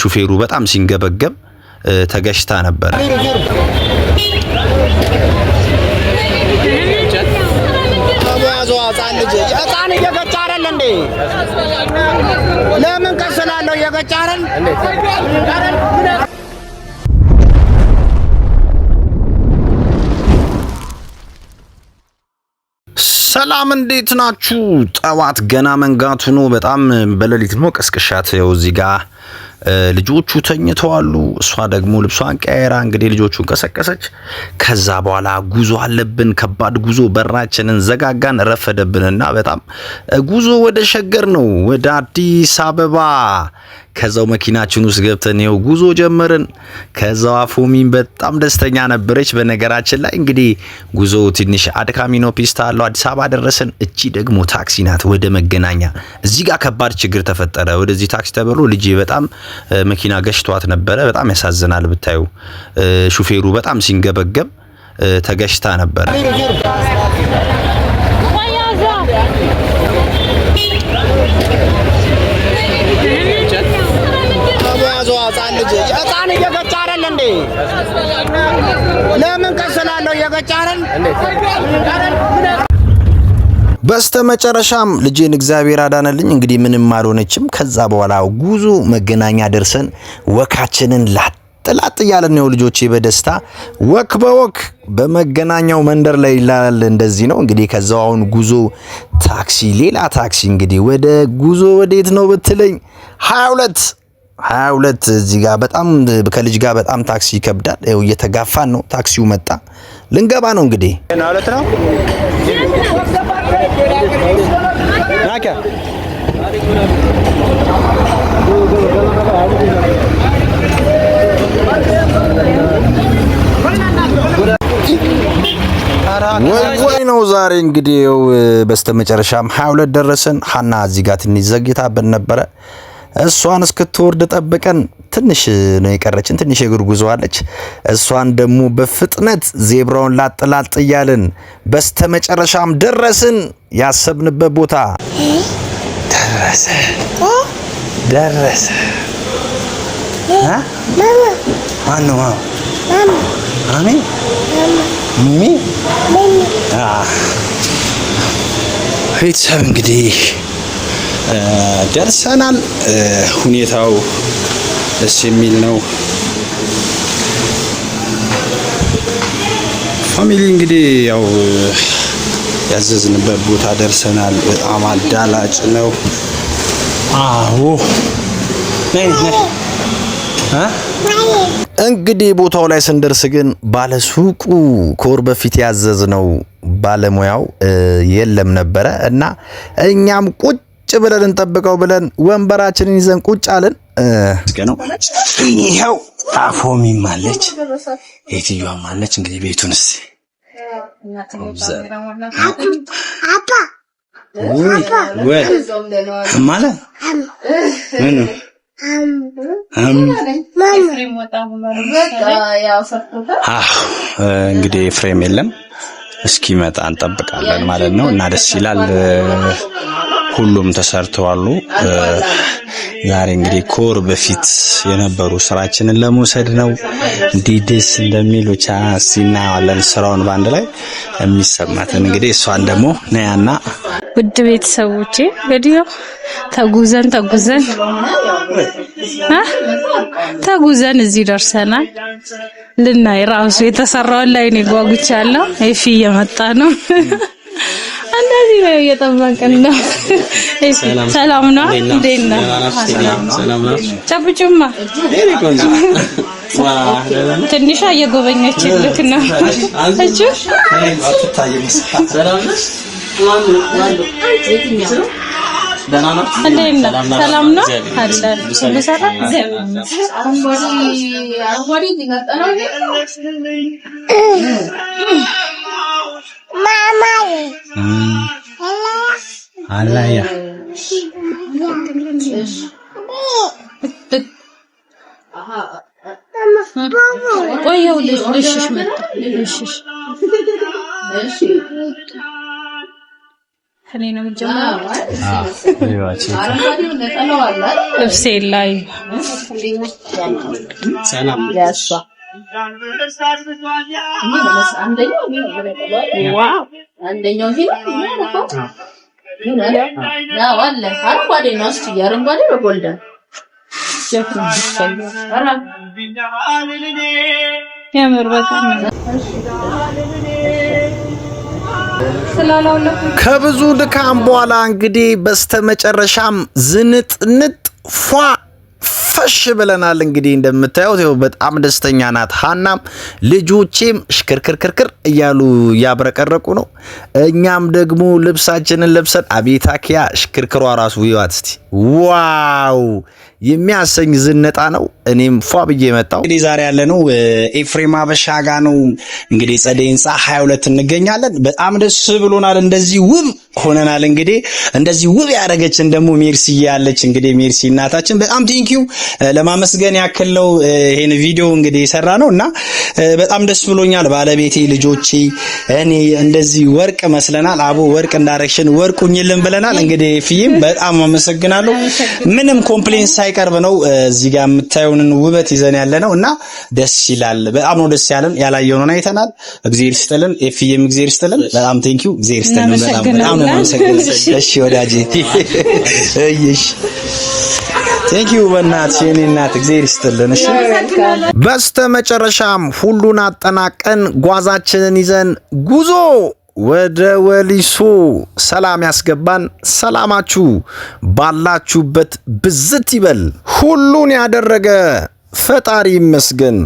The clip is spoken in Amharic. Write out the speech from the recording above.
ሹፌሩ በጣም ሲንገበገብ ተገሽታ ነበር። ለምን ሰላም እንዴት ናችሁ? ጠዋት ገና መንጋቱ ነው። በጣም በሌሊት ሞቀስቅሻት ያው እዚህ ጋር ልጆቹ ተኝተዋሉ። እሷ ደግሞ ልብሷን ቀይራ እንግዲህ ልጆቹን ቀሰቀሰች። ከዛ በኋላ ጉዞ አለብን፣ ከባድ ጉዞ። በራችንን ዘጋጋን፣ ረፈደብንና በጣም ጉዞ ወደ ሸገር ነው ወደ አዲስ አበባ ከዛው መኪናችን ውስጥ ገብተን ይኸው ጉዞ ጀመርን። ከዛው አፎሚን በጣም ደስተኛ ነበረች። በነገራችን ላይ እንግዲህ ጉዞ ትንሽ አድካሚ ነው፣ ፒስታ አለው። አዲስ አበባ ደረስን። እቺ ደግሞ ታክሲ ናት ወደ መገናኛ። እዚህ ጋር ከባድ ችግር ተፈጠረ። ወደዚህ ታክሲ ተበሩ ልጅ በጣም መኪና ገሽቷት ነበረ። በጣም ያሳዝናል ብታዩ። ሹፌሩ በጣም ሲንገበገብ ተገሽታ ነበረ። ሕፃን እየገጫ አይደል እንዴ? ለምን ከስላለው እየገጫ አይደል? በስተ መጨረሻም ልጄን እግዚአብሔር አዳነልኝ። እንግዲህ ምንም አልሆነችም። ከዛ በኋላ ጉዞ መገናኛ ደርሰን ወካችንን ላት ጥላጥ እያለን ነው ልጆቼ፣ በደስታ ወክ በወክ በመገናኛው መንደር ላይ ይላል። እንደዚህ ነው እንግዲህ። ከዛው አሁን ጉዞ ታክሲ፣ ሌላ ታክሲ እንግዲህ ወደ ጉዞ ወዴት ነው ብትለኝ 22 ሀያ ሁለት እዚህ ጋር በጣም ከልጅ ጋር በጣም ታክሲ ይከብዳል። ይኸው እየተጋፋን ነው። ታክሲው መጣ፣ ልንገባ ነው እንግዲህ ማለት ነው። ወይ ወይ ነው ዛሬ እንግዲህ በስተመጨረሻም ሀያ ሁለት ደረሰን። ሀና እዚህ ጋር ትንሽ ዘግይታብን ነበረ። እሷን እስክትወርድ ጠብቀን ትንሽ ነው የቀረችን፣ ትንሽ የእግር ጉዞ አለች። እሷን ደግሞ በፍጥነት ዜብራውን ላጥላጥ እያልን በስተመጨረሻም ደረስን። ያሰብንበት ቦታ ደረሰ ደረሰ። ማነው ቤተሰብ እንግዲህ ደርሰናል። ሁኔታው ደስ የሚል ነው። ፋሚሊ እንግዲህ ያው ያዘዝንበት ቦታ ደርሰናል። በጣም አዳላጭ ነው። አዎ እንግዲህ ቦታው ላይ ስንደርስ ግን ባለሱቁ ከወር በፊት ያዘዝነው ባለሙያው የለም ነበረ እና እኛም ቁጭ ብለን እንጠብቀው ብለን ወንበራችንን ይዘን ቁጭ አልን። ይኸው አፎሚም አለች የትየዋም ማለች እንግዲህ ቤቱንስ ማለት እንግዲህ ፍሬም የለም እስኪመጣ እንጠብቃለን ማለት ነው። እና ደስ ይላል። ሁሉም ተሰርተዋሉ። ዛሬ እንግዲህ ኮር በፊት የነበሩ ስራችንን ለመውሰድ ነው። ዲዲስ እንደሚሉ ቻንስ እናየዋለን። ስራውን በአንድ ላይ የሚሰማትን እንግዲህ እሷን ደግሞ ነያና ውድ ቤተሰቦቼ ቪዲዮ ተጉዘን ተጉዘን ተጉዘን እዚህ ደርሰናል። ልናይ ራሱ የተሰራውን ላይ ነው ጓጉቻለሁ። ኤፊ እየመጣ ነው። እንደዚህ ነው እየጠበቅን ነው። እሺ ሰላም ነው። እንዴት ነው? ሰላም ነው። ጨብጭማ ትንሿ እየጎበኘች ልክ ነው። ሰላም ነው። አለ على يا ويا ولد ليش ايش ليش ايش خلينا نتجمع ايوه تشيكا نفسي اللايف سلام يا صح አንደኛው አረንጓዴ ነው። እስኪ አረንጓዴ በጎልደን ከብዙ ድካም በኋላ እንግዲህ በስተመጨረሻም ዝንጥንጥ ፏ ፈሽ ብለናል። እንግዲህ እንደምታዩት ይኸው በጣም ደስተኛ ናት ሀናም ልጆቼም ሽክርክርክርክር እያሉ እያብረቀረቁ ነው። እኛም ደግሞ ልብሳችንን ለብሰን አቤታኪያ ሽክርክሯ ራሱ ይዋት እስቲ ዋው የሚያሰኝ ዝነጣ ነው። እኔም ፏ ብዬ መጣው። እንግዲህ ዛሬ ያለ ነው ኤፍሬም አበሻ ጋ ነው። እንግዲህ ጸደይ ህንፃ 22 እንገኛለን። በጣም ደስ ብሎናል። እንደዚህ ውብ ሆነናል። እንግዲህ እንደዚህ ውብ ያደረገችን ደግሞ ሜርሲ ያለች እንግዲህ ሜርሲ እናታችን በጣም ቴንኪው ለማመስገን ያክል ነው ይሄን ቪዲዮ እንግዲህ የሰራ ነው እና በጣም ደስ ብሎኛል። ባለቤቴ፣ ልጆቼ፣ እኔ እንደዚህ ወርቅ መስለናል። አቦ ወርቅ እንዳረግሽን ወርቁኝልን ብለናል። እንግዲህ ፍዬም በጣም አመሰግናለሁ። ምንም ኮምፕሌንስ ሳይቀርብ ነው እዚህ ጋር የምታየውንን ውበት ይዘን ያለ ነው እና ደስ ይላል። በጣም ነው ደስ ያለን። ያላየውን አይተናል። እግዚአብሔር ይስጥልን። ኤፍዬም እግዚአብሔር ይስጥልን። በጣም ቴንኪው። እግዚአብሔር ይስጥልን። በጣም በጣም ነው መሰግናለሁ። እሺ ወዳጄ እሺ ቴንኪዩ በእናትሽ የኔ እናት እግዚአብሔር ይስጥልን። እሺ መጨረሻም ሁሉን አጠናቀን ጓዛችንን ይዘን ጉዞ ወደ ወሊሶ ሰላም ያስገባን። ሰላማችሁ ባላችሁበት ብዝት ይበል። ሁሉን ያደረገ ፈጣሪ ይመስገን።